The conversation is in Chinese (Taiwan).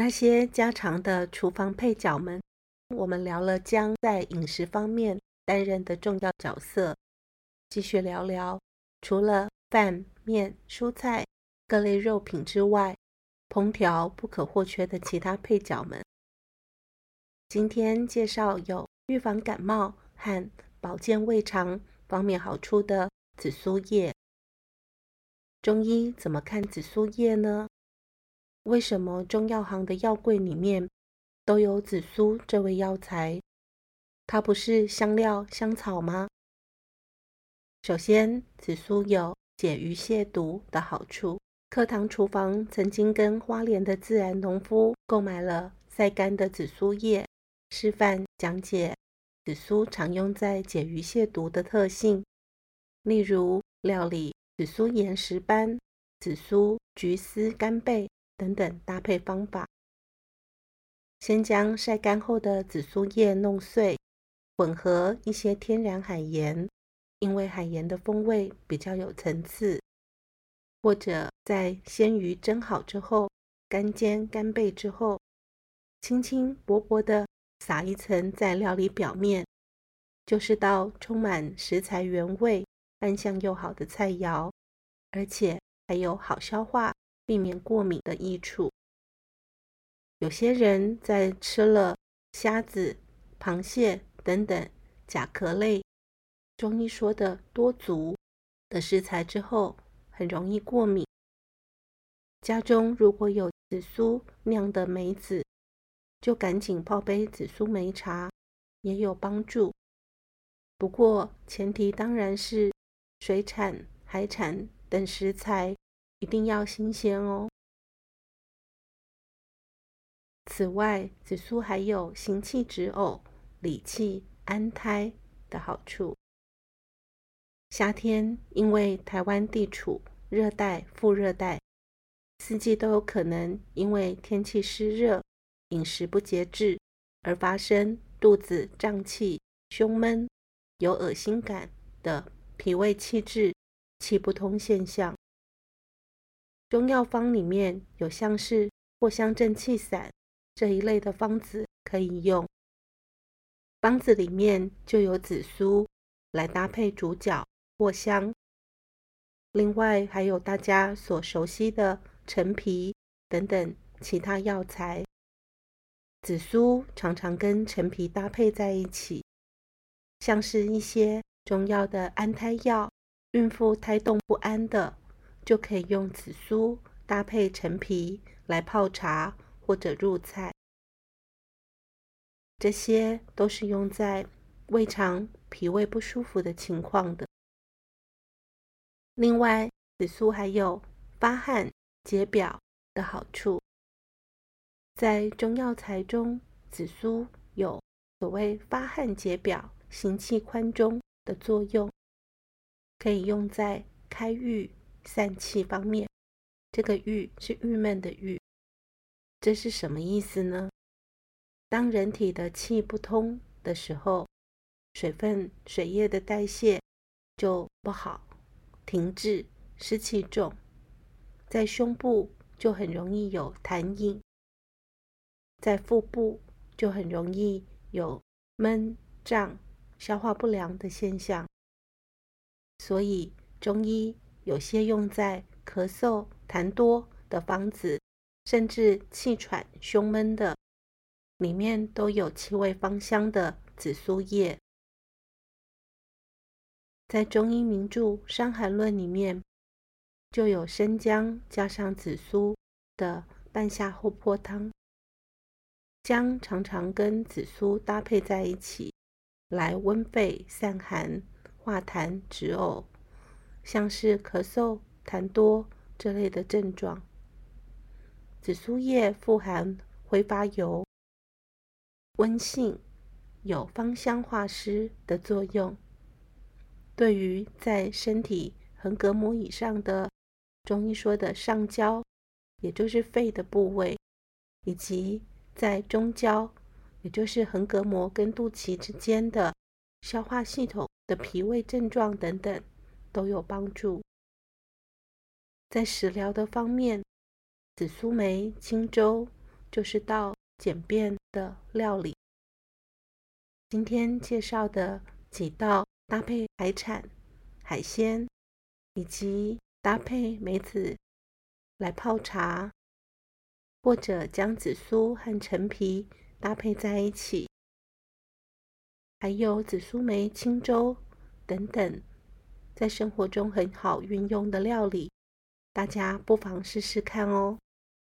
那些家常的廚房配角們，我們聊了薑在飲食方面擔任的重要角色。繼續聊聊，除了飯、麵、蔬菜、各類肉品之外，烹調不可或缺的其他配角們。今天介紹有預防感冒和保健胃腸方面好處的紫蘇葉。中醫怎麼看紫蘇葉呢？為什麼中藥行的藥櫃裡面都有紫蘇這味藥材？它不是香料香草嗎？首先，紫蘇有解魚蟹毒的好處。課堂廚房曾經跟花蓮的自然農夫購買了曬乾的紫蘇葉，示範講解紫蘇常用在解魚蟹毒的特性，例如料理紫蘇鹽石斑、紫蘇橘絲干貝。等等搭配方法，先將曬乾後的紫蘇葉弄碎，混合一些天然海鹽，因為海鹽的風味比較有層次。或者在鮮魚蒸好之後，乾煎干貝之後，輕輕薄薄的撒一層在料理表面，就是道充滿食材原味、扮相又好的菜餚，而且還有好消化。避免過敏的益處。有些人在吃了蝦子、螃蟹等等甲殼類，中醫說的多足的食材之後，很容易過敏。家中如果有紫蘇釀的梅子，就趕緊泡杯紫蘇梅茶，也有幫助。不過前提當然是水產、海產等食材。一定要新鮮哦。此外，紫蘇還有行氣止嘔、理氣安胎的好處。夏天，因為台灣地處熱帶、副熱帶，四季都有可能因為天氣濕熱、飲食不節制而發生肚子脹氣、胸悶、有惡心感的脾胃氣滯、氣不通現象。中藥方裡面有像是藿香正氣散這一類的方子可以用，方子裡面就有紫蘇來搭配主角藿香，另外還有大家所熟悉的陳皮等等其他藥材。紫蘇常常跟陳皮搭配在一起，像是一些中藥的安胎藥，孕婦胎動不安的，就可以用紫蘇搭配陳皮來泡茶或者入菜，這些都是用在胃腸脾胃不舒服的情況的。另外，紫蘇還有發汗解表的好處。在中藥材中，紫蘇有所謂發汗解表、行氣寬中的作用，可以用在開鬱散氣方面，這個鬱是鬱悶的鬱，這是什麼意思呢？當人體的氣不通的時候，水分、水液的代謝就不好，停滯，濕氣重，在胸部就很容易有痰飲，在腹部就很容易有悶脹、消化不良的現象，所以中醫。有些用在咳嗽痰多的方子，甚至氣喘胸悶的，裡面都有氣味芳香的紫蘇葉。在中醫名著《傷寒論》裡面就有生薑加上紫蘇的半夏厚朴湯。薑常常跟紫蘇搭配在一起，來溫肺散寒、化痰止嘔。像是咳嗽、痰多這類的症狀，紫蘇葉富含揮發油，溫性，有芳香化濕的作用。對於在身體橫膈膜以上的，中醫說的上焦，也就是肺的部位，以及在中焦，也就是橫膈膜跟肚臍之間的消化系統的脾胃症狀等等。都有幫助。在食療的方面，紫蘇梅清粥就是道簡便的料理。今天介紹的幾道搭配海產、海鮮，以及搭配梅子來泡茶，或者將紫蘇和陳皮搭配在一起，還有紫蘇梅清粥等等。在生活中很好運用的料理，大家不妨試試看哦。